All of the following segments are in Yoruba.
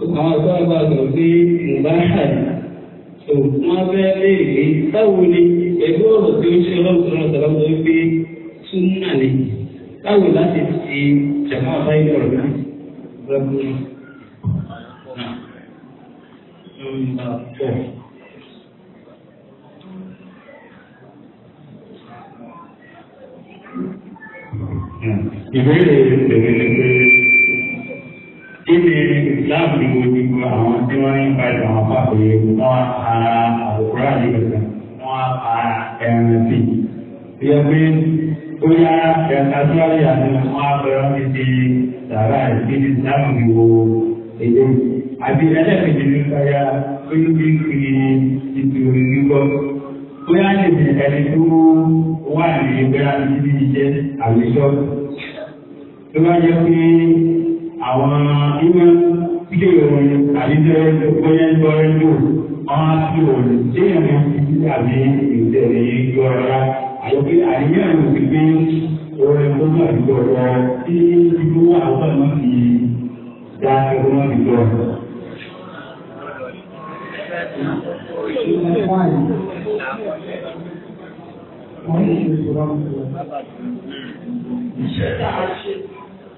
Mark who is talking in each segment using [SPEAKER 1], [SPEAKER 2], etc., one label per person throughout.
[SPEAKER 1] àwọn àgbààgbà sọ pé mùbáhà tó wọn fẹ́ léèrè báwo ni ẹgbẹ́ ọ̀rọ̀ tí ó ṣe ọlọ́run sọ̀rọ̀ sọ̀rọ̀ sọ pé súnmọ́ ni báwo láti ti jàmọ́ àbáyé ọ̀rọ̀ náà gbàgbọ́ náà. ìbéèrè tèmi ilé ìsìláàmù ni gbogbo àwọn tí wọ́n ń fa ìtàn àwọn pàpẹ́ wọn ara àwòrán àdìgbẹ̀sẹ̀ wọn ara ẹran sí i. ìyẹn pé ó yá ẹ̀ka síwájú àti wọn abẹ́rẹ́ ti di sàrà ìdí ìsìláàmù ni wo èdè. àbí ẹlẹ́kẹ̀jẹ̀ ní káyà ó ní bí kì í ti orin gbígbọ́. ó yá lè ẹni tó wà ní ìgbéra ìdí ìjẹ́ àwùjọ. tó bá jẹ́ pé àwọn ìwé ìdè ìròyìn àdíjẹ́ bóyá ń gbọ́rẹ́ lò wọ́n á fi òòlù déyàn ní títí àbí ìtẹ̀lẹ̀ yìí gbọ́ rárá àyọ̀pé àníyàn rẹ̀ ti gbé orin tó ní àdúgbò lọ tí ìlú àwọn náà fi dá ẹgbẹ́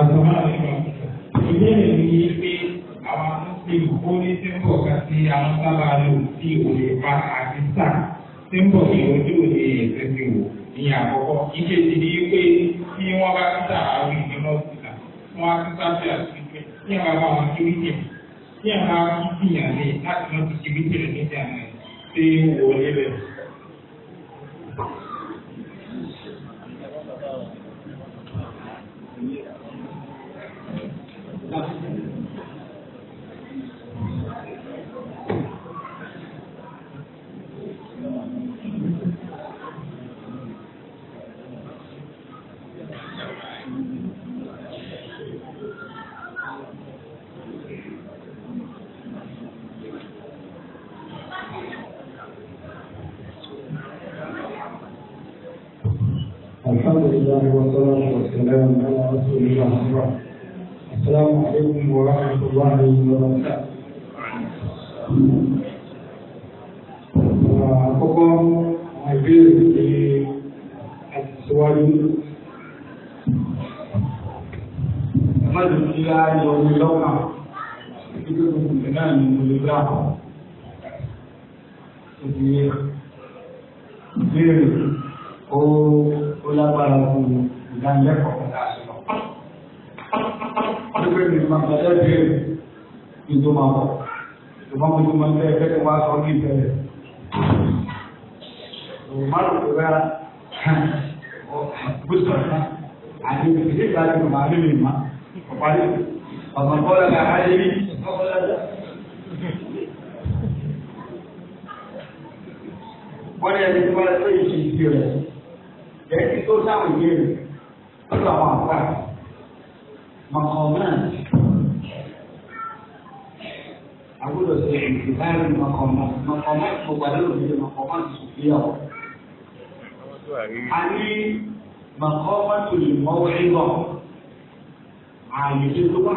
[SPEAKER 1] àgbàmọ́ àlejò ìbéèrè mi yé pé àwọn muslim ó ní símbọ̀ kan sí àwọn sábà lò sí òye pa àti sà símbọ̀ ní ojú òye ẹ̀sẹ̀ ti wò ní àkọ́kọ́ ìkejì ni pé tí wọ́n bá ti sà àwọn ìdílọ́ títí tó kù mí náà ni mo lè gbà kọ́ ìdí ìbéèrè ó ó lágbára fún ìdánilẹ́kọ̀ọ́ kọ́ta àṣọ. ó ti pé mi máa gbàdá ìbéèrè kí n tó máa bọ̀ ṣùgbọ́n mo ti mọ ilé ẹgbẹ́ tó wá sọ ní ìbẹ̀rẹ̀. òmàlù kò rárá bó sọ̀rọ̀ àti ìdílé ìgbàlejò màálù mi mà ọ̀pá ọ̀pọ̀ ọ̀la àárín wọ́n ní ẹni wọ́n lọ sí ìṣèjì rẹ̀ lẹ́yìn tó sáwọn ìbéèrè lọ́dọ̀ àwọn àgbà mọ̀kànmọ́n àgbọ̀dọ̀ sí ìbáraẹni mọ̀kànmọ́n mọ̀kànmọ́n tó gbàdúrà lóde mọ̀kànmọ́n tó a ní mọ̀kànmọ́n tó lè mọ́wé lọ àyè tó wà.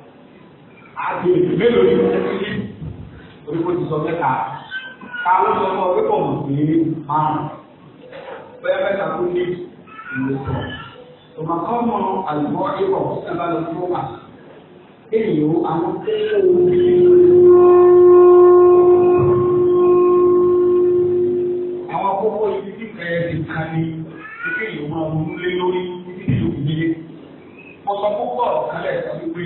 [SPEAKER 1] àgbè mélòó ni wọ́n ti rí orí kò ti sọ mẹ́ta káwọn sọ fún ọ pé kò mọ̀ sí márùn bóyá mẹ́ta kú ní ìlú sọ tòmọ̀kọ́mọ àlùmọ́ ìwọ̀ sábà lọ fún wa èyí ó àwọn tó ń wọ́n. ní ìpè yìí máa ronú lé lórí títí yòókù nílé. Mo sọ púpọ̀ kálẹ̀ sọ wípé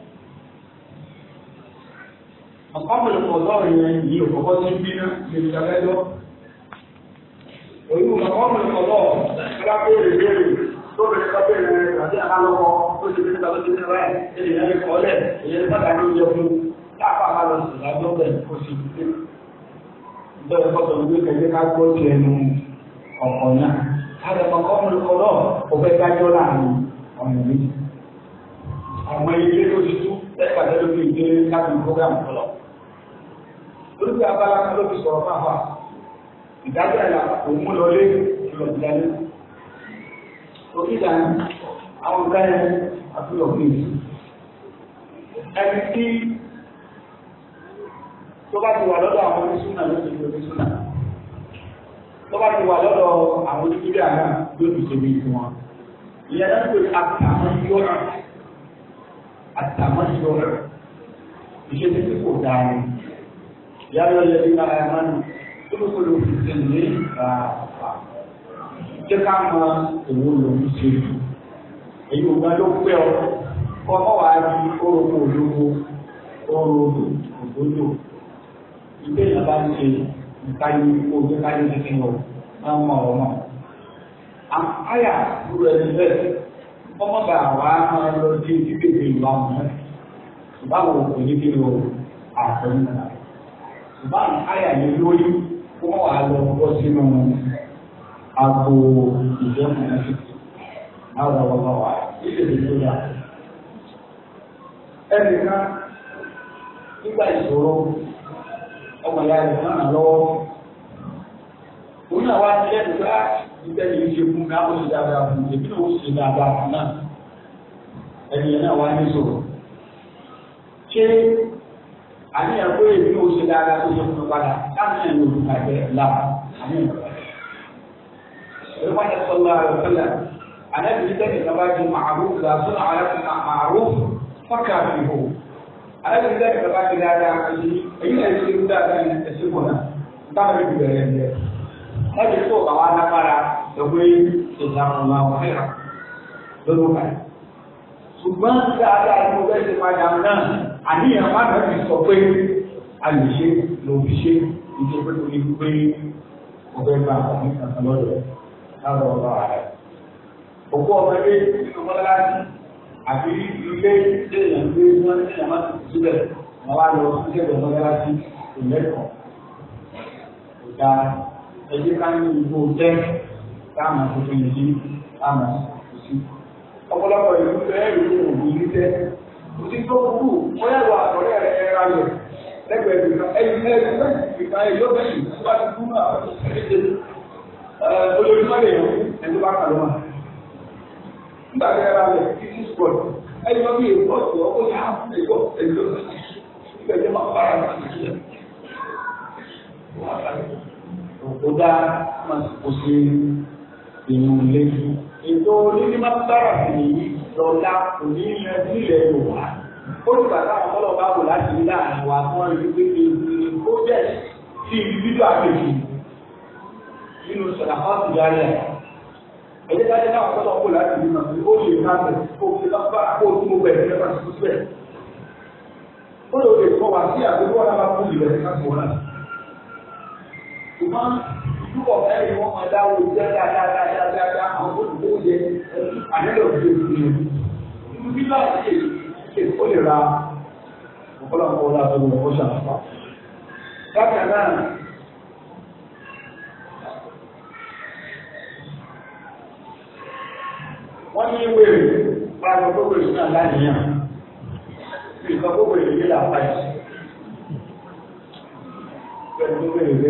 [SPEAKER 1] ọ̀pọ̀lọpọ̀ ọlọ́run yẹn yìí òkọ́kọ́ ti ń bínú lèmi lọ́lẹ́jọ́ òyìnbó ọ̀pọ̀lọpọ̀ ọlọ́run alábẹ́rẹ́ bẹ́rẹ̀ tó bẹ̀rẹ̀ kábẹ́rẹ́ àti àlọ́kọ́ tó ti fi ń tàbí ti rẹ̀ ẹ̀yìn ẹ̀yìn kọ́lẹ̀ ìyẹn bàtà ló yẹ fún láàpá àlọ́ ìlànà ọ̀bẹ̀ kò sì dé bẹ́ẹ̀ fọ́tọ̀ ní kẹ́kẹ́ ká gbọ́ ti ẹnu ọ̀pọ̀ náà alẹ́ ọ̀pọ̀lọpọ̀ ọlọ́run ọ̀fẹ́ dájọ́ láàrin ọ̀nà oríṣi abala kan ló fi sọ̀rọ̀ fún àbá ìdájọ́ ẹ̀yà òun mú lọlé ìlọ ìdálé òkè ìdáni àwọn nǹkan yẹn àfihàn fún mi ẹni tí tó bá ti wà lọ́dọ̀ àwọn oníṣúná ló ti di oníṣúná tó bá ti wà lọ́dọ̀ àwọn oníṣúná náà ló ti ṣe bí wọn ìyẹn náà pé àtàwọn yóò rà àtàwọn yóò tí kò dáa ni. يا أيها الذين آمنوا ادخلوا في السلم كافة jẹ́ ká mọ òun ló ń ṣe jù èyí ò gbọ́n ọ kọ́ ọ wá di orogbo olówó orogbo ògbójò ìgbé yẹn bá ń ṣe ìkáyé ojú káyé kékeré ọ báyìí àyà yẹn lórí wọ́n wà lọ bọ́ sínú àpò ìjẹ́kùn náà wọ́n wà ìṣèlú tó yà. àní ẹ̀kọ́ èmi ò ṣe dáadáa tó ṣe fún padà láti ṣe ìlú àgbẹ̀ láà àní ẹ̀kọ́. Ìlú máa ń sọ lọ́wọ́ àwọn ọ̀fẹ́lẹ̀. Ànábi ní sẹ́yìn ìjọba di màrú làásùn àárẹ̀ màrú fọ́kà fìhò. Ànábi ní sẹ́yìn ìjọba di dáadáa kìí èyí náà ṣe ń dáadáa ní ẹ̀ṣin kò náà. Táwọn ẹbí bẹ̀rẹ̀ ń yẹ. Wọ́n ti tó àwọn alágbára ẹgbẹ́ ìṣàmùlò àwọn ọ̀fẹ́ ṣùgbọ́n dáadáa ni mo fẹ́ ṣe padà náà àníyàn bá bẹ̀rẹ̀ fi sọ pé a lè ṣe ló fi ṣe ìṣe pé kò ní pé ọbẹ̀ gba àwọn ìkàkàn lọ́dọ̀ láwọn ọba rẹ̀. òkú ọmọdé nínú mọ́lásí àbí ilé ìdèyàn gbé wọn ní ìyàmá tó ti sílẹ̀ wọn wá lọ sí ìṣẹ̀lẹ̀ mọ́lásí ìlẹ́kọ̀ọ́. ìgbà ẹgbẹ́ ká ní ìbò jẹ́ táwọn tuntun yìí táwọn tuntun sí. ọ̀pọ̀lọpọ̀ ìlú fẹ́ẹ́ rí òògùn ilé tẹ́ sí tó kú ó yà wà àtọ̀rẹ́ rẹ̀ ẹ̀ ra lẹ̀ lẹ́gbẹ̀ẹ́ ìgbà ẹ̀yìn ẹ̀yìn ìgbà ẹ̀yìn ló bẹ̀rẹ̀ nígbà tó kú náà olójúmọ́ lè yàn ẹ̀dú bá kà lọ́wọ́ nígbà tó yà ra lẹ̀ títí sport ẹ̀yìn wọn bí èyí pọ̀ tó ó yà á fún ẹ̀yọ́ ẹ̀yọ́ ìgbẹ̀jẹ̀ máa bára náà òkúta kò sí ìyún lé ètò onímọ̀ bára nìyí lọ́la òní ilẹ̀ Yorùbá ó ti bàtà àwọn ọlọ́ bá wò láti rí láàrin wa fún ẹni pé ó jẹ́ sí nínú sọ̀rọ̀ àpáàtì dárí ẹ̀. ẹ̀jẹ̀ náà wọ́n tọ́ wò láti rí màá ó lè má bẹ̀ ó fi bá kó o tún bẹ̀ nípa síbú bẹ̀. ó lè lè kọ́ wa sí àgbẹ̀wò wọn bá kú ìrẹ̀ nípa wọn náà. ṣùgbọ́n ìdúkọ̀ mẹ́rin wọn máa dáwọ́ jẹ́ dáadáa dáadáa àwọn olùkọ́ ó lè ra ọ̀pọ̀lọpọ̀ láàbùrù ọ̀pọ̀ ṣàlàfà. Bákan náà, wọ́n ní wèrè pàrọ̀ gbogbo ìṣúná láníyàn, ìkan gbogbo ìrírí làpáyà. Bẹ́ẹ̀ni gbogbo ìrírí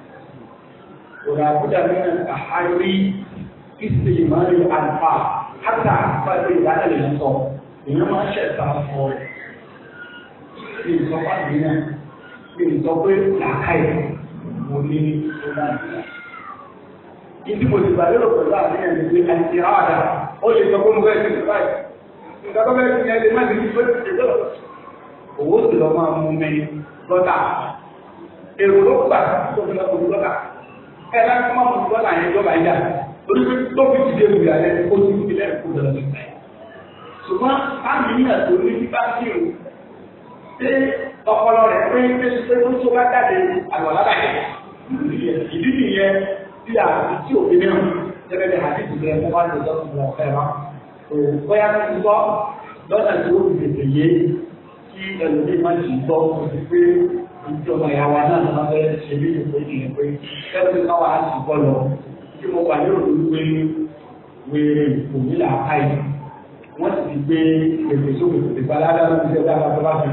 [SPEAKER 1] ولا بد من التحري استعمال الألفاظ حتى فإن هذا الإنسان إنما شئت أفضل في صفات بنا في صفات العقائد ولي ولا ìdí mo ti gbàlérò pẹ̀lú àníyàn ní pé àti ààrà ó lè sọ pé mo fẹ́ ṣe báyìí nǹkan tó fẹ́ ṣe yẹn lè má ti fi fẹ́ ṣe lọ ẹ bá kọ́ mọ́ bọ́ láyé lọ́ba yá lórí pé tó fi ti dé wù yà lẹ́nu ó ti fi lẹ́nu kó lọ́dọ̀ nípa yẹn. ṣùgbọ́n báyìí ní àtò ní bí bá sí o ṣé ọpọlọ rẹ pé pé pé ó tó bá jáde àlọ́ lábàjẹ́ ìdí nìyẹn bí àti tí òfin náà gẹ́gẹ́ bí àti ìdílé ẹ̀kọ́ bá lè lọ́sùn lọ fẹ́ wa. bóyá ti gbọ́ lọ́nà tí ó fi tètè yé kí ẹlòmíì má ti gbọ́ pé ìjọba ìyàwó náà ló fẹ́ ṣe bí ìpè ìyẹn pé kẹ́sì káwa á sì bọ́ lọ tí mo gbà lérò ló gbé wèrè òní làákàyè wọ́n ti gbé ètò sókè tòlè pa ládàá ló ti tó bá fi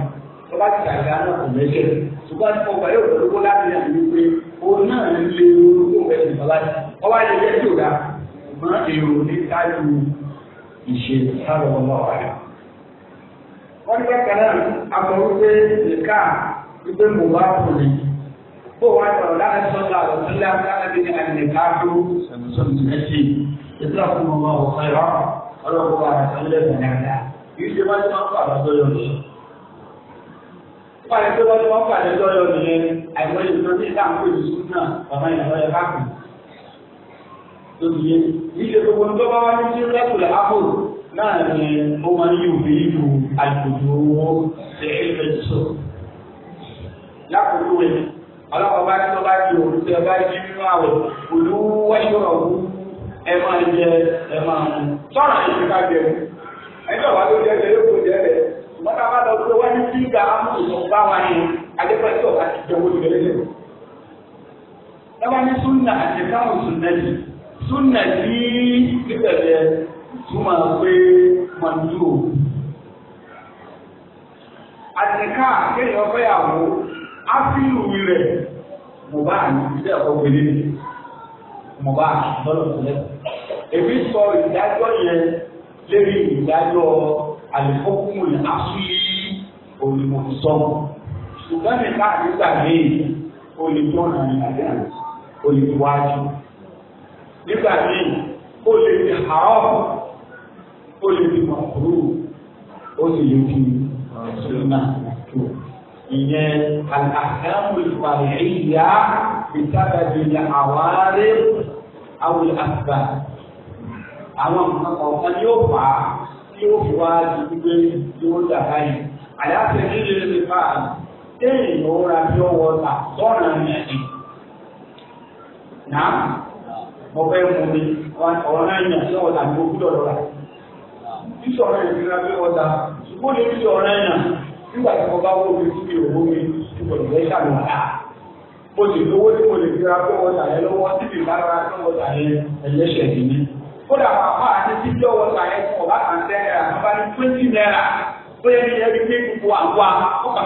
[SPEAKER 1] tó bá ti kàgbá náà kò mẹ́jẹ̀ ṣùgbọ́n mo gbà lérò ló kó láti rìn àmì pé òun náà ń lé orú tó fẹ́ ṣe bàlájì ọba yẹ kẹ́ tí ò dáa mọ èrò ní kájú ìṣe sábà ọmọ ọ̀rẹ́. wọ́n ní bẹ́ẹ̀ kan akọ̀wé pé wípé mo bá kù ní. bó wàá sọ̀rọ̀ láti sọ́dọ̀ àwọn tó lé àtàlẹ́bí ní àyè káàdó sọ̀rọ̀ mẹ́sì ìtura fún mi wà wọ́n ẹ̀rọ ọlọ́kọ̀ wà sọ́lẹ̀ mẹ́ta yìí ṣe wọ́n ti máa ń fà lọ́dọ̀ yọ̀ ní. wọ́n ti wọ́n ti máa ń fà lọ́dọ̀ yọ̀ ní àìmọ́ ìṣòro ní ìdáhùn pẹ̀lú súnà bàbá ìyàwó ẹ̀ káàkiri. tóbi yé ìṣe gbogbo ń tọ́ba wá ní sí lẹ́kùlẹ̀ ápò náà ni ó máa ń yí òfin ìlú àjòjò owó ṣe é fẹ́ sọ̀rọ̀. lákòókò rẹ̀ ọlọ́kọ̀ bá tí wọ́n bá di òru tẹ́ bá jí nínú àwẹ̀ òru wáṣọ̀rọ̀ wú ẹ máa jẹ ẹ máa mú sọ́nà ìlú ká jẹ mú ẹjọ́ wa ló jẹ́ ẹ bá lọ pé wọ́n ní bá ní ọ̀gá ti súnà àti káwọn súnà súnà pé áfíìlù rẹ̀ mo bá àná ilé ẹ̀kọ́ gbélé mi mo bá àtọ́lọ̀ sílẹ̀. èmi sọ ìdájọ́ yẹn lérí ìdájọ́ àlùfọ́kùnrin àfíìlì olùmọ̀sọ́ ṣùgbọ́n nípa àdúgbà míì olùtọ́nà ìyàgbé olùwájú nígbà míì ó lè fi àárọ̀ ó lè fi mọ̀kúrú ó sì lè fi ṣùgbọ́n náà. ìyẹn àkàmù ìfàlẹ́yà ìtàgàdì àwárí àwọn àgbà àwọn nǹkan kọ̀ọ̀kan yóò fà á tí ó fi wá di gbígbé ó dà báyìí. àyàfẹ́ nílé ní bá a ra yẹn tí yẹn ra ṣùgbọ́n nígbà tí mo bá wó mi sí ìròwó mi tí mo lè ṣàmì àdá mo sì lówó tí mo lè fi pé wọ́n tà yẹn lọ́wọ́ tí mi bá ra wọ́n tà yẹn ẹlẹ́ṣẹ̀ mi ní. kódà bàbá àti títí ọwọ́ tà yẹn fún ọba kan tẹ́ tó bá ní twenty pé sọ naira tá a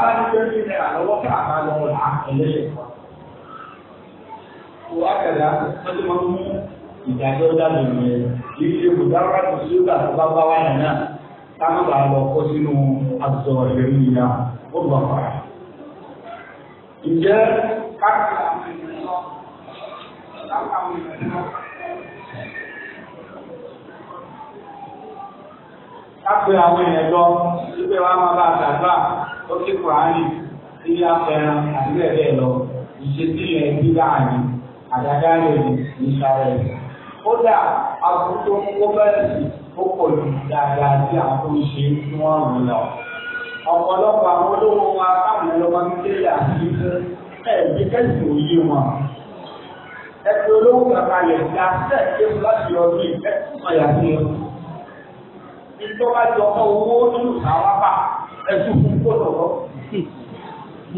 [SPEAKER 1] bá ní twenty naira lọ́wọ́ tá a bá kẹ̀dá ti máa ń mú ìdájọ́ táwọn bá lọ kó sínú azọ̀rẹ̀ ìyá ó lọ fà. Ǹjẹ́ kápẹ́ àwọn èèyàn lọ wípé wàá máa bá àgbàgbà ó kí kùránì sí afẹ́ràn àti bẹ́ẹ̀ bẹ́ẹ̀ lọ ìṣesí yẹn bí láàyè rẹ̀ ní sáré. ó dà àbúrò tó ń kó bẹ́ẹ̀ sí ó pọ̀ ju dáadáa tí àwọn tó tí wọ́n rìn lọ. ọ̀pọ̀lọpọ̀ àwọn olówó wa káwọn ọlọ́mọ ń ké yà sí fún ẹ̀ẹ́dì kẹ́sì òye wọn. ẹ̀sìn olówó kàkà lè ga sẹ́ẹ̀kì láti ọdún ìfẹ́sùn ọ̀yà sí i. ìjọba jọ ọmọ owó nínú àwọn apá ẹ̀sùn fún kó lọ́wọ́.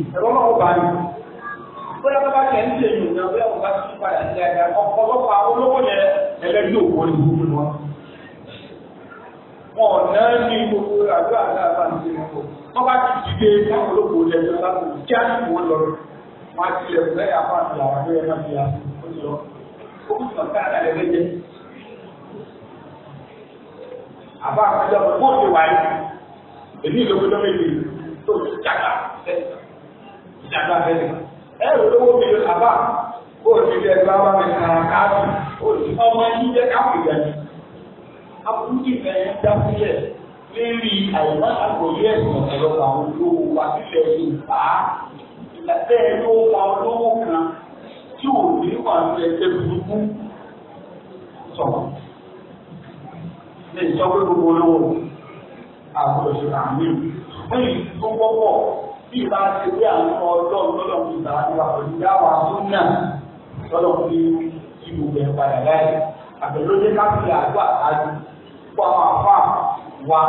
[SPEAKER 1] ẹ̀rọ náà bóyá bá kẹ́ ń ṣe ìrìnà bóyá bá bá tún padà wọn ọ̀nà ní gbogbo àjọ àlá àbáńtì wọn. wọ́n bá ti dìde fún olóògbé lẹ́jọ́ láti kí á sì wọ́n lọ rẹ̀. wọ́n á tilẹ̀ fún ẹ̀yà fáàtì àwọn ẹgbẹ́ ó ti lọ. ó káàdà àbá ti wáyé èmi méjì tó ti jàgbá jàgbá àbá ti káàdì ó aburúkú ìfẹ́ yẹn dákúlẹ̀ lérí àyíká àgbòyé ẹ̀sìn ẹ̀rọ àwọn olówó wa nílẹ̀ Yorùbá ìgbàgbẹ́ ẹ̀rọ wa olówó kan tí ò ní wà ní ẹgbẹ́ burúkú sọ̀rọ̀ lè sọ pé gbogbo olówó àgbòyé àmì wọ́n yìí tó wọ́pọ̀ bí ìbá ti rí àwọn ọlọ́run lọ́dọ̀ ní ìbára ní wa pẹ̀lú dáwà tó nà lọ́dọ̀ ní ìlú bẹ̀rẹ̀ padà láì àbẹ̀lódé ká fi àgbà àdùn gbogbo àwọn àfa wa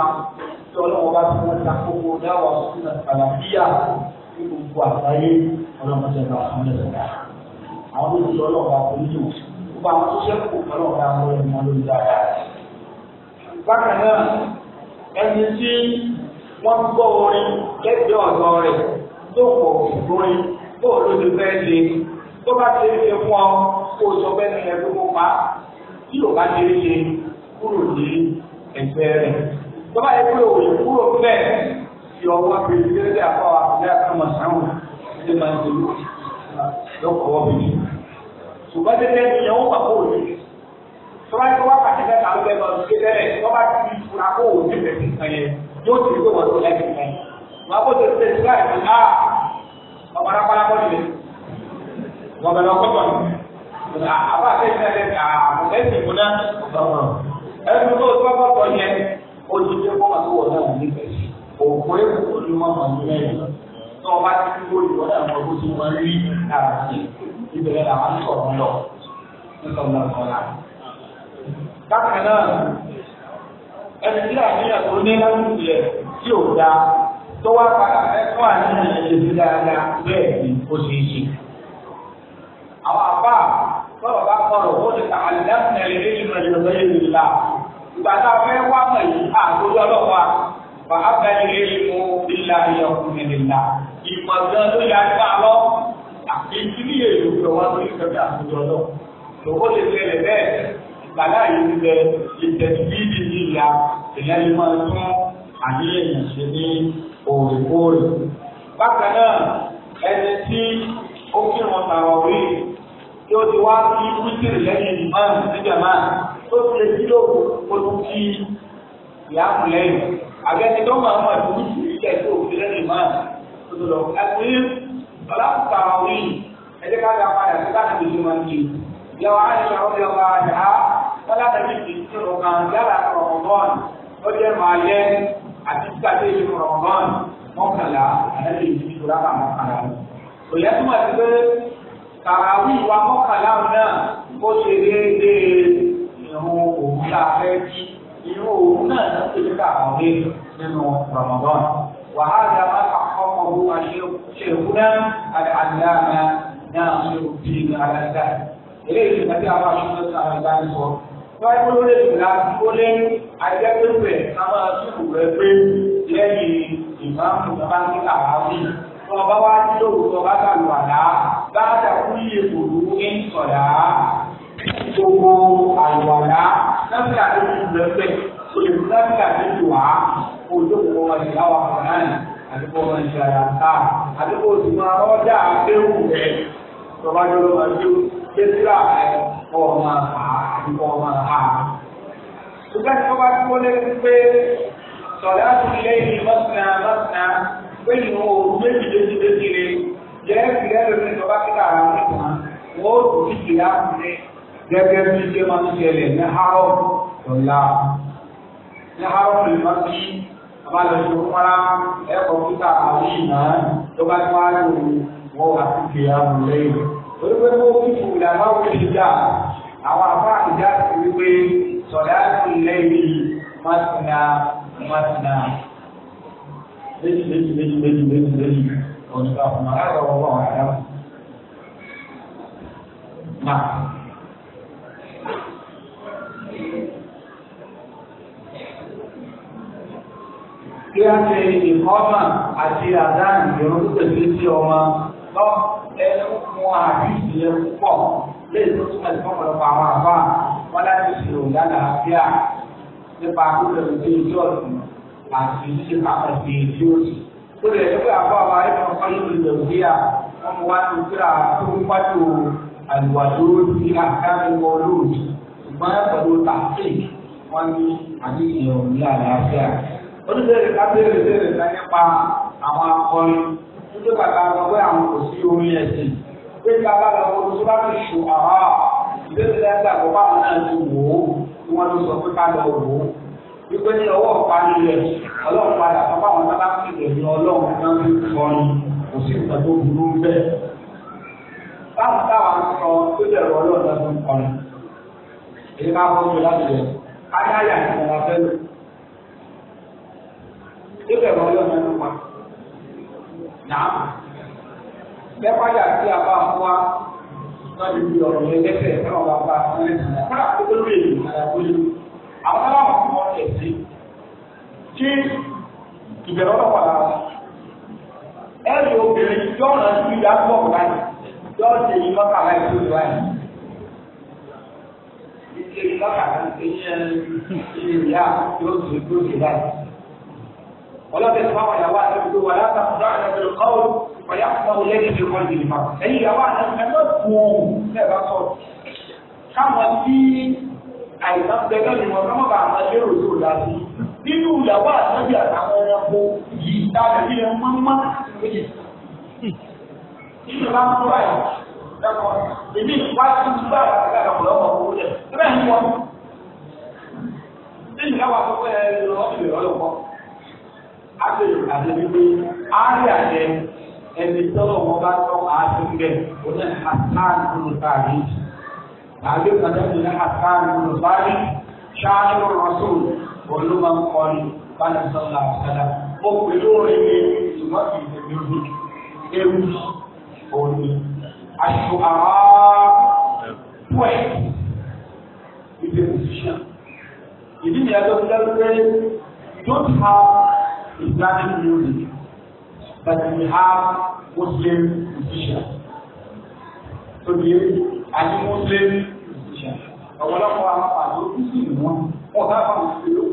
[SPEAKER 1] tí ọlọ́wọ́ bá ti wọ́n ta gbogbo dáwà sínú àlàáfíà ní gbogbo àgbáyé ọlọ́mọdé bá fún ẹ̀ lọ́dà. àwọn tó ti ọlọ́wọ́ àforíjì gbogbo àwọn tó ṣẹ́kù ọlọ́wọ́ bá wọ́n ẹ̀ máa lórí dáadáa. bákan náà ẹni tí wọ́n gbọ́ orin lẹ́gbẹ̀ẹ́ ọ̀dọ́ rẹ̀ tó pọ̀ orin tó olóde fẹ́ le tó bá ti rí ṣe fún ọ kó o sọ bẹ́ẹ̀ ni ẹ kúrò ní ẹ̀gbẹ́ rẹ̀ tó bá yẹ pé òye kúrò bẹ́ẹ̀ fi ọwọ́ pé ìdílé àpá wa ilé àkàmọ̀ sáwọn ilé máa ń dèrò lọ́kọ̀ọ́ mi ṣùgbọ́n tẹ́tẹ́ ní ìyàwó pàpọ̀ òye tó bá yẹ pé wákàtí mẹ́ta ló bẹ́ẹ̀ máa ń gbé tẹ́lẹ̀ tó bá ti fura kó òun ní ìfẹ́ kíkan yẹn yóò ti gbé wọn tó lẹ́yìn kan wọn kó tó tẹ̀ sí láì fi á ọ̀pọ̀lọpọ̀ alábọ̀ nílẹ̀ wọn bẹ̀rẹ̀ ọkọ̀ tọ̀ ní àbá àtẹ̀sílẹ̀ lẹ́yìn àmọ̀lẹ́sìn múná ọ̀gbọ̀n ẹnu tó tó bá kọ yẹn ojúṣe kọ́ máa tó wọ̀ náà níbẹ̀ òkú ẹ̀kú ni wọ́n máa ń mẹ́rin tó bá ti kú lórí wọn náà mọ̀ bó ti wọ́n rí àrùn ìbẹ̀rẹ̀ làwọn ń sọ̀rọ̀ lọ nítorí náà kọ́ náà. bákan náà ẹni tí àníyàn tó ní lásìkò yẹ tí ò dáa tó wá padà ẹ̀kọ́ àníyàn lè fi dáadáa bẹ́ẹ̀ ni ó ṣe é ṣe. àwọn àbá tọ́lọ̀ bá kọ̀rọ̀ ó ti tàkàlì láti gbàtà fẹ́ wá mọ̀ yìí àtòlú ọlọ́pàá wà á bẹ̀rẹ̀ lórí mu ìlà ìyọkùnrin nìlà ìmọ̀ gan ló yà gbà lọ ìdílé èrò pé wọn lórí ìtọ́jú àtòlú ọlọ́ lọ́wọ́ lè fẹ́lẹ̀ bẹ́ẹ̀ gbàdá yìí ti bẹ ìtẹ̀síbí ní ìlà ìyá yìí máa tún àníyàn ṣe ní òrèkóòrè. bákan náà ẹni tí ó kírun tàwọn wí tí ó ti wá sí wítìrì lẹ́yìn ìmọ̀ nígbà máa tó ti lè jí lóko ó tún kí ìyá kù lẹ́yìn àbẹ́ni tó máa ń wà ní ojú ìṣẹ́ tó fi lẹ́yìn máa tó tó lọ. àti ọlọ́pàá àwọn yìí ẹ̀jẹ̀ ká gba padà sí bá tẹ̀lé wọn kì í. ìyàwó àyíṣà ó lè wá àdá wọn látàbí kì í sí ọkàn yálà rọ̀mọ̀gán ó jẹ́ máa yẹ àti sísàdé ìlú mọ́kànlá àdájọ́ ìdíjú tó mọ́kànlá náà ó ṣe déédéé ro òun tá a fẹ́ jí irú òun náà ló ti ní káwọn rí nínú Ramadan wàhálà máa kà kọ́kọ́ bó a ṣe àdáàmà náà ṣe òbí ní aláìsá eléyìí nígbà tí a máa ṣe lọ́sọ̀ àwọn ìbáni sọ wáyé olórí ìlà ó lé ajẹ́pẹ́pẹ́ a máa túbù rẹ pé lẹ́yìn ìmáàmù bàbá ní àwáwí tó wá nílò tó ọba bá dàkú yìí èkó ní sọ̀dá tó wọ àlùwàlá lábílà tó ti lẹ́pẹ̀ ó lè fi lábílà tó ti wà á kó o jókòó wọn àti àwọn àkàrán àdúgbò wọn ti ara ta àdúgbò tí wọn ọjà kéwù rẹ tọba yóò lọ sí kéṣíra ẹ ọmọ àdúgbò ọmọ ha. ṣùgbọ́n tí wọ́n bá tí wọ́n lé pé sọ̀dá tó lé ní mọ́sánà mọ́sánà pé ìwọ̀n òru méjì méjì méjì ni jẹ́ ìrẹ́lẹ̀ ní tọ́ba kíkà àwọn ìtàn wọ́n ó tún ti gbìyànjú gẹ́gẹ́ bí ṣe máa ń ṣẹlẹ̀ ní harrow lọ́la ní harrow lè abálẹ̀ṣọ́ fúnra ẹ̀ kọ̀m̀pútà àwọn tó bá tó wá wọ́n wà sí ìgbéyà lẹ́yìn. kí á ṣe ìkọ́mà àti àdáhùn ìrún pèsè sí ọmọ lọ ẹnu fún àdìsí yẹn púpọ̀ lè tó túmọ̀ sí ọ̀pọ̀lọpọ̀ àwọn àbá wọn láti ṣe òǹdà làáfíà nípa akúlẹ̀ òde ìjọ ọ̀sìn àti ṣíṣe pàtàkì ìdí òsì. ó lè ní pé àbọ̀ àwọn ẹ̀rọ ọkọ̀ yìí lè lè wí à wọ́n mú wá ní ìtura tó ń pàtó àlùwàdó ní àkáàmì wọn lóòjì ṣùgbọ́n pẹ̀lú tàfíìk wọ́n ní àdìsí òǹdà oníbẹ̀rẹ̀ lábẹ́rẹ̀ bẹ̀rẹ̀ ta nípa àwọn akọrin nígbà bàtà lọ àwọn kò sí orí ẹ̀sìn pé bàbá lọ wọn tó bá ti ṣù àwa ìbéèrè lẹ́gbàá tó bá wọn náà ti wò ó tí wọ́n ti sọ pé ká lọ wò ó wípé ní ọwọ́ ìparí rẹ̀ ọlọ́run padà tó bá wọn bá ti ròyìn ọlọ́run náà ti kọrin kò sí ìgbà tó bẹ́ẹ̀. báwọn táwọn sọ tó bẹ̀rù ọlọ́run náà ti kọrin èyí ká kọ́ síbẹ̀ wọ́n yọ mẹ́nu wa. Nàá lẹ́pà yà sí àbá fún wa lọ́dún bíi ọ̀rọ̀ ẹlẹ́sẹ̀ náà wà bá a lẹ́ kúrò àkókò lórí èyí àdàgbélé. Àwọn aláwọ̀ fún wọn lè sí. Kí ìbẹ̀rẹ̀ ọlọ́pàá ẹ̀rì obìnrin sí ìyá yìí láì tó ọlọ́dẹ tó bá wà yàwó àtẹ́bí wà látà fún àwọn ẹgbẹ́ kọ́wọ́ ọ̀yà fún ọ̀yẹ́ ní ìlú kan ìlú máa ẹ̀yìn yàwó àtẹ́bí ẹgbẹ́ fún ọ̀hún ẹ̀ bá sọ̀rọ̀ káwọn tí àìsàn bẹ́ẹ̀ ni wọn kọ́mọ́ bá àwọn ẹgbẹ́ rò yóò dá sí nínú yàwó àtẹ́bí àtàwọn ẹranko yìí dábẹ́ bí ẹ mọ́mọ́ nínú bá mọ́ báyà dákọ̀ èmi wá sí gbà àgbàdàpọ̀ lọ́wọ́ á lè àti wípé á rí àjẹ ẹni tọ́lọ̀ wọn bá tọ́ àti ń bẹ̀ ó ní hasan nínú sáàrí àbí kàdé ní hasan nínú sáàrí ṣáájú rọ́sùn olúmọ̀ kọ́ni bálẹ̀ sọ́lá àṣàlá mo pè lóore ní ìwọ́n kì í ṣe bí ojú ewu òní aṣọ àwọn pọ́ẹ̀tì ìdè òṣìṣẹ́ ìdí ni ẹgbẹ́ fúlẹ́ fúlẹ́ don't have Islamic music, but we have Muslim musicians. So the àti Muslim musicians. Ọ̀pọ̀lọpọ̀ àwọn àti Muslim wọn, wọ́n bá bá wọn sílò.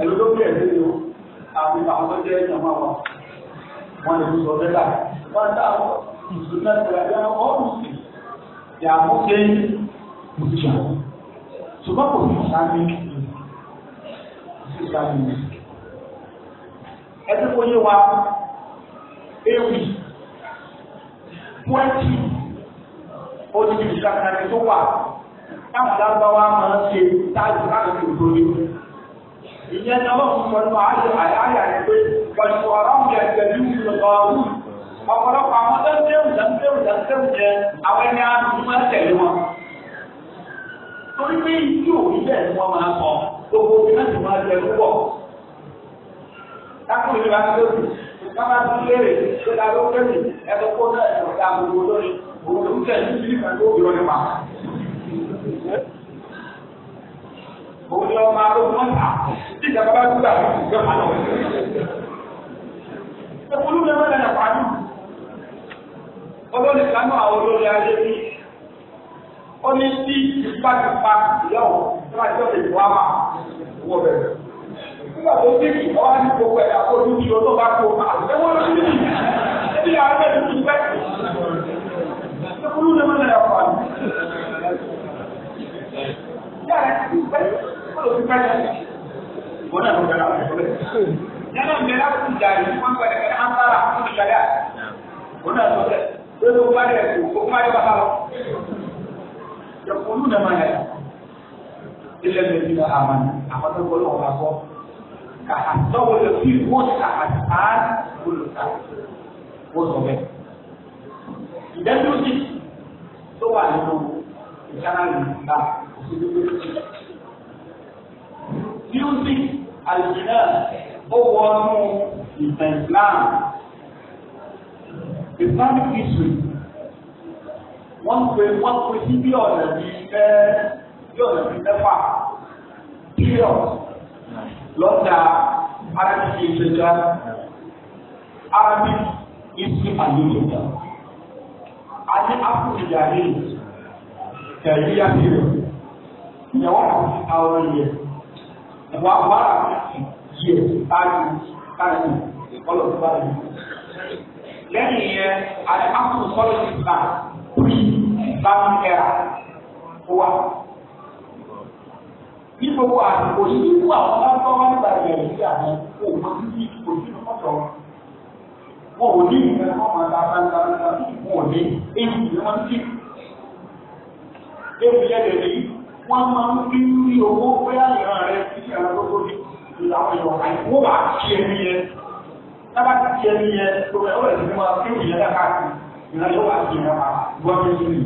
[SPEAKER 1] Ẹ̀lú ló bẹ̀rẹ̀ sí o, àti àwọn tó jẹ́ you. wọn. Wọ́n lè sọ bẹ́ẹ̀ Wọ́n dá àwọn Mùsùlùmí ẹ̀sẹ̀ ẹ̀dá wọn Mùsùlùmí. Ìyá Muslim musicians. Ṣùgbọ́n kò ní Islamic music. Islamic music ẹbí kò yé wa ewì twenty ó di ìṣàkànnì tó wà táwọn alágbáwá máa ń ṣe táàgì láti fi òdo ní. ìyẹn ní ọlọ́run sọ nípa àyè àyà rẹ̀ pé pẹ̀lú ọ̀rọ̀ àwọn ẹgbẹ́ bí wọ́n lọ bá wù. ọ̀pọ̀lọpọ̀ àwọn tó ń déhùn tó ń déhùn tó ń déhùn jẹ àwọn ẹni àti máa ń tẹ̀lé wọn. torí pé ìdí òwúlẹ̀ ni wọ́n máa kọ gbogbo ìgbà tó máa jẹ púpọ̀ kákùn ìlú wa ti lóbi kápá tó léèrè tó ta ló kéwì ẹ̀rọ kó náà ẹ̀rọ ta gbogbo lórí òun ló ń tẹ̀ ní bílí tó yọ nípa. òun ni ọmọ akókò wọn ta tí ìjọba bá gbúgbà ìjọba náà wọlé. ẹ̀kúlú ni wọ́n lẹ́nu pàdú. olórí kanú àwọn olórí ayé ní ó ní tí ìpàdùpà ìyàwó tó bá jọ ìwà wà wọ bẹ̀rẹ̀ nígbà tó dé bí ọ̀hán ní gbogbo ẹ̀ àkójú tí o tó bá kó àtẹ̀wọ́n lórí ní ní àárẹ̀ tuntun pẹ́. Ṣékulú ni wọ́n lè yàgò àná. Yàrá ti pẹ́ olùfi pẹ́ yẹn. Ìwọ́n náà ló bẹ̀rẹ̀ àwọn ọ̀rẹ́. Yàrá ń bẹ̀rẹ̀ àwọn ìjà yìí wọ́n pẹ̀lẹ́ kẹ́kẹ́ á ń bára fún ìṣẹ̀lẹ̀. Ìwọ́n náà ló bẹ̀rẹ̀ lórí ọgbà rẹ̀ kò kó má yẹ bàbá lọ. Ṣékulú ni wọ́n lè yàgò. Ilé mi ti sàhàtọ wo lè fi wó sàhàtà olùkà wó sọ bẹ́ẹ̀ ìdájọ́ ti tó wà nínú ìjára ìgbà òṣèlú music àlùjá ó wọnú ìtàn Islam Islamic history wọ́n pe wọ́n pe sí bí ọ̀nà bíi ẹ́ bí ọ̀nà bíi mẹ́fà period lọ́dà Arabic literature Arabic history and literature a ní Africa yìí kẹ̀lí yá bí rẹ̀ ìyàwó àti àwọn yẹ wà wà yẹ báyìí báyìí ìkọlọ̀ tó báyìí lẹ́yìn yẹn a ní Africa college plan pre-Islamic era wà ní gbogbo àsìkò yìí nínú àwọn lágbọ́n wá nígbà nàìjíríà ní òun ti ní kò sí ọjọ́ wọn ò ní ìfẹ́ wọn máa ta báńtàbáńtà wọn ní èyí ni wọ́n ti ewu yẹlẹ ní wọ́n máa ń fi ní owó pé àyàn rẹ sí àgbàgbọ́ ní àwọn èèyàn àìkú wà kí ẹni yẹn lábà tí kí ẹni yẹn gbogbo ẹ̀ wọ́n máa fi ìyẹn dáká sí ìrìnàjò wà sí ìrìnàjò wọ́n ti sí ni.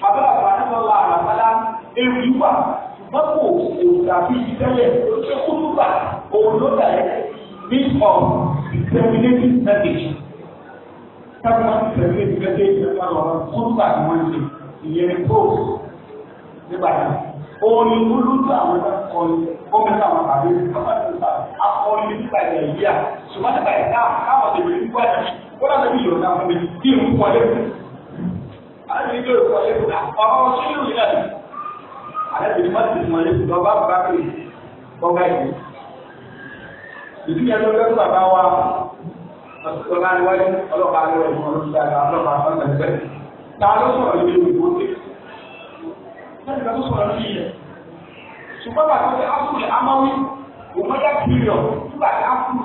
[SPEAKER 1] bàbá àgbà nípa ọlá àlàbálá yìí wà mọ́kò òòtà bí ìtẹ́lẹ̀ lóṣù kúrúbà òun ló dà ní of discriminating message. Táwọn máa ń tẹ̀lé ìgbẹ́jẹ́ ìjọba ọ̀rọ̀ kúrúbà ni wọ́n ṣe ìyẹn ní post nígbà yẹn. Òun ni olùdó àwọn ẹgbẹ́ kọrin gómìnà àwọn àbí gómìnà akọrin nígbà yẹn yíyà. Ṣùgbọ́n nígbà yẹn ká káwọn tèmi ní wọ́n ẹ̀ wọ́n náà tẹ̀lé ìyọ̀dá fún mi kí n kọ́lé. Àti ìjọ àlẹ́bìrì má ti mọ̀ lẹ́kùn tó bá bá pè kọ́gá ìlú. Ìdí yẹn ló fẹ́ fún bàbá wa ọ̀sọ̀lá níwájú ọlọ́pàá lọ́wọ́ ìmọ̀ olùdarí ọlọ́pàá fọ́nà ẹgbẹ́. Ta ló sọ̀rọ̀ lórí òyìnbó tẹ̀? Láti ká tó sọ̀rọ̀ lórí ilẹ̀. Ṣùgbọ́n bàtà ti Áfúrì Amáwí òmọ́dá pírọ̀ nígbà tí Áfúrì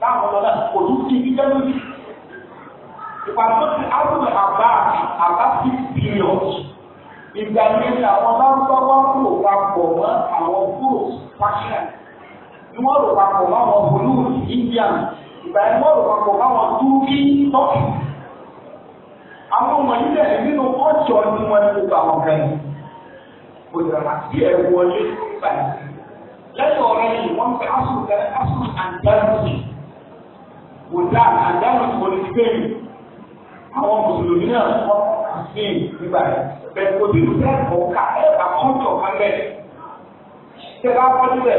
[SPEAKER 1] láwọn ọlọ́dà kò tún ti fi jẹ́ lórí. Ìpàdé Áfúrì àbá àbá ti pírọ̀ ìgbà yẹn ni àwọn lágbàwá kúrò papọ̀ mọ́ àwọn kúrò pàṣẹ ni wọ́n rò papọ̀ mọ́ àwọn bùnú India ìgbà yẹn wọ́n rò papọ̀ mọ́ àwọn túbí tọ́kì àwọn ọmọ yìí lẹ́yìn nínú ọjọ́ ni wọ́n ti gba àwọn kan yìí kò sì rà sí ẹ̀ wọlé nígbà yìí lẹ́yìn ọ̀rẹ́ yìí wọ́n fẹ́ asùnkẹ́ asùn àǹdálùsì kò dá àǹdálùsì kò ní ti bẹ́ẹ̀ àwọn mùsùlùmí náà wọ́n kà bẹ́ẹ̀ kò bí ìlú ọ̀ka ẹ̀ bá kọ́ńtọ̀ kálẹ̀ tẹ bá kọ́ síbẹ̀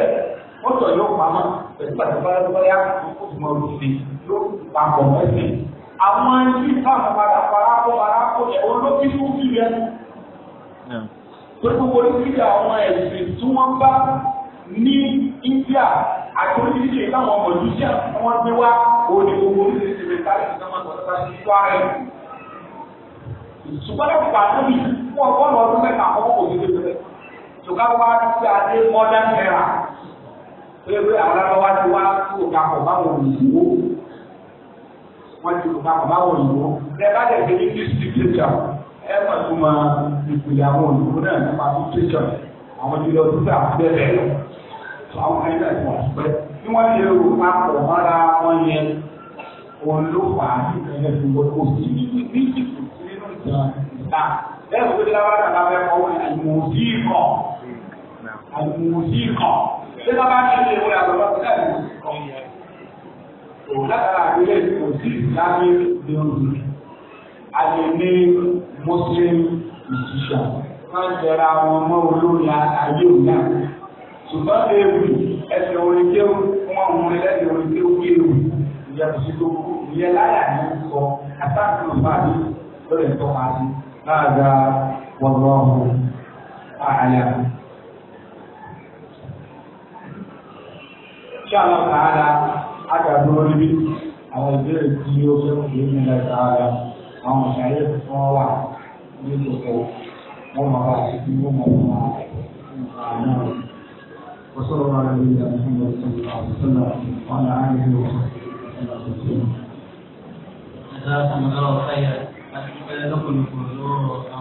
[SPEAKER 1] mọ́tò yóò pamọ́ pẹ̀lú pàtó bá lọ́wọ́ yá kó tó mọ òfin yóò papọ̀ mẹ́sìn. àwọn ẹni táwọn padà parákó parákó yẹ olókì fún fi rẹ. torí gbogbo ìdíje àwọn ẹ̀sìn tí wọ́n bá ní India àti oríṣiríṣi táwọn ọmọ ìlú jẹ́ wọ́n gbé wá òde gbogbo oríṣiríṣi rẹ̀ sáré ìdámọ̀ tó ń bá ṣe wá rẹ̀. ṣùgbọ́n láti pàtó yìí fún ọgọ́rùn ọdún mẹ́ta àkọ́kọ́ kò ní lóṣù rẹ̀ wá sí adé modern era pé pé àwọn aláwọ̀ ti wá sí òkàkọ̀ báwọn òyìnbó wọ́n ti òkàkọ̀ báwọn òyìnbó ẹ bá dẹ̀ ṣe English literature ẹ mọ̀ tó máa ìpìlẹ̀ àwọn òyìnbó náà nípa literature àwọn jùlọ tó fẹ́ àbẹ́rẹ́ lọ àwọn ẹni náà ti wọ́n pẹ́ tí wọ́n lè rò papọ̀ mọ́ra wọn yẹn olófàá nípa ẹgbẹ́ tó wọ́n kò sí nínú ìjà ìta bẹ́ẹ̀ mo ti lábára lábẹ́ ọwọ́ ni àyùmọ̀sí kan ṣé lábá ní ilé ìwé àgbàlá ti láì mọ̀sí kan látara àgbélé kò lábẹ́ lórí àti ní ìṣiṣà máa ń jẹra wọn mọ́ ayé òun náà ṣùgbọ́n léwu ẹsẹ̀ orin kéwù fún àwọn ọmọ ẹlẹ́sẹ̀ orin kéwù kéwù ìyàtọ̀ sí gbogbo ìyẹn láyà ní sọ àtàkùn fàájì lórí ẹ̀tọ́ máa ń a ọ ọhụ chiamaka a ga-abụr ma ri aajere tinye oke mbụ emere na aga ahụ ka e na ọwa naezota na ụmụụ ọ narae no, no, no